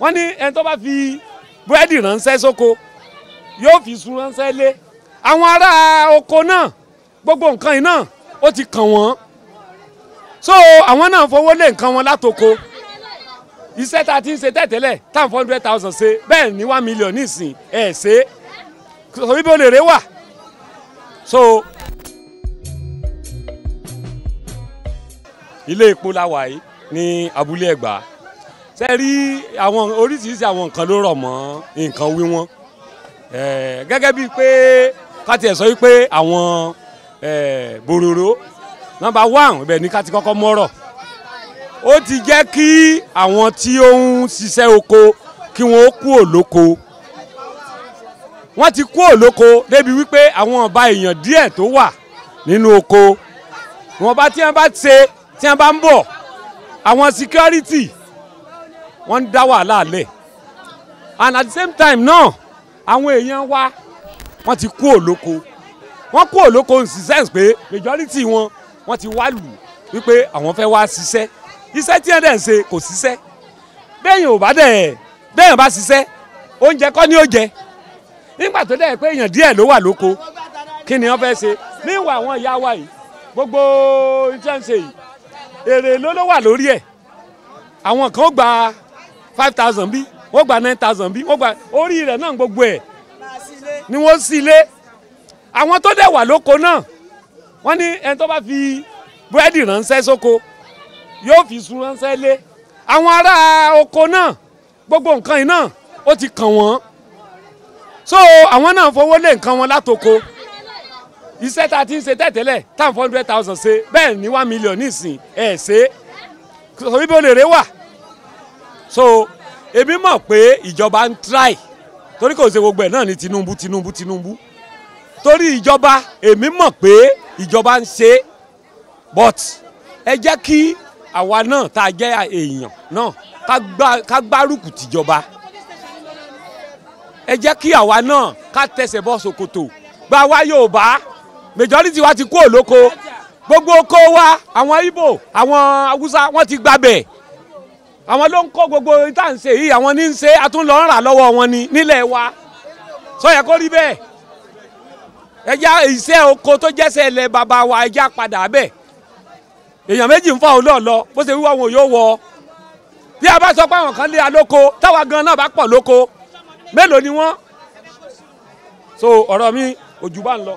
wọ́n ní ẹni tó bá fi búrẹ́dì ránṣẹ́ sóko yóò fi sun ránṣẹ́ lé àwọn ará oko náà gbogbo nǹkan yìí ó ti kàn wọ́n so àwọn náà fowó lé nǹkan wọn látoko iṣẹ́ tá ti ń ṣe tẹ́tẹ́lẹ̀ tá four hundred thousand ṣe bẹ́ẹ̀ ni one million nísìn ẹ̀ ṣe sọ wípé olè wà so ilé epo la wà yìí ní abúlé ẹ̀gbá ṣe rí àwọn oríṣiríṣi àwọn nǹkan ló rọ̀ mọ́ nǹkan wíwọ́n gẹ́gẹ́ bíi pé ká tiẹ̀ sọ wípé àwọn bòròró nọ́mbà one ibẹ̀ ni ká ti kọ́kọ́ mọ́rọ̀ ó ti jẹ́ kí àwọn tí ó ń ṣiṣẹ́ oko kí wọ́n kú òlóko wọ́n ti kú òlóko débi wípé àwọn ọba èèyàn díẹ̀ tó wà nínú oko wọn bá tí wọ́n bá ṣe tí wọ́n bá ń bọ̀ àwọn security wọ́n ń dá wàhálà lẹ̀ and at the same time náà àwọn èèyàn wa wọ́n ti kú òlóko wọ́n kú òlóko in the sense pé majority wọn wọ́n ti wá lù wípé àwọn fẹ́ wá ṣiṣẹ́ iṣẹ́ tí wọ́n dẹ̀ ń ṣe kò ṣiṣẹ́ bẹ́ẹ̀yàn ò bá dẹ̀ bẹ́ẹ̀yàn bá ṣiṣẹ́ oúnjẹ kọ́ ni ó jẹ nígbà tó dẹ̀ pé èèyàn díẹ̀ ló wà lóko kí ni wọ́n fẹ́ ṣe níwà àwọn ìyá wa yìí gbogbo iṣẹ́ ń ṣe yìí èrè ló ló wà lórí ẹ̀ àwọn kan gba five thousand bí wọ́n gba nine thousand bí wọ́n gba orí rẹ̀ náà gbogbo ẹ̀ ni wọ́n sì lé àwọn tó dẹ̀ wà lóko náà wọ́n ní ẹni tó bá fi búrẹ́dì ránṣẹ́ sóko yóò fi sun ránṣẹ́ lé àwọn ará oko náà gbogbo nǹkan yìí ó ti kàn wọ́n so àwọn náà fowó lé nǹkan wọn látoko iṣẹ́ tá a ti ń ṣe tẹ̀tẹ̀lẹ̀ táwọn four hundred thousand ṣe bẹ́ẹ̀ ni one million nísìn ẹ̀ ṣe torí bí olè rẹ wà so èmi mọ̀ pé ìjọba ń try torí kò ṣe gbogbo ẹ̀ náà ni Tinubu Tinubu Tinubu torí ìjọba èmi mọ̀ pé ìjọba ń ṣe but ẹ jẹ́ kí àwa náà tá a jẹ́ èèyàn náà ká gbárùkù tìjọba ẹ jẹ́ kí àwa náà ká tẹsẹ̀ bọ́ ṣòkòtò gba wa Yorùbá majority wa ti kú òlóko gbogbo oko wa àwọn Ìgbò àwọn Haúsá wọ́n ti gbabẹ̀ àwọn ló ń kọ́ gbogbo ìtànṣe yìí àwọn ní ń ṣe àtúnlọ́ lọ́wọ́ wọn ni nílẹ̀ wa sọyẹ kó rí bẹ́ẹ̀ ẹja iṣẹ́ oko tó jẹ́sẹ̀ ilẹ̀ bàbá wa ẹja padà bẹ́ẹ̀ èèyàn méjì ń fa òun lọ́ọ̀lọ́ bó ṣe wíwá wọn yóò wọ bí a bá sọ pé àwọn kan lé alóko táwa gan náà bá pọ̀ lóko mélòó ni wọ́n so ọ̀rọ̀ mi òjú bá ń lọ.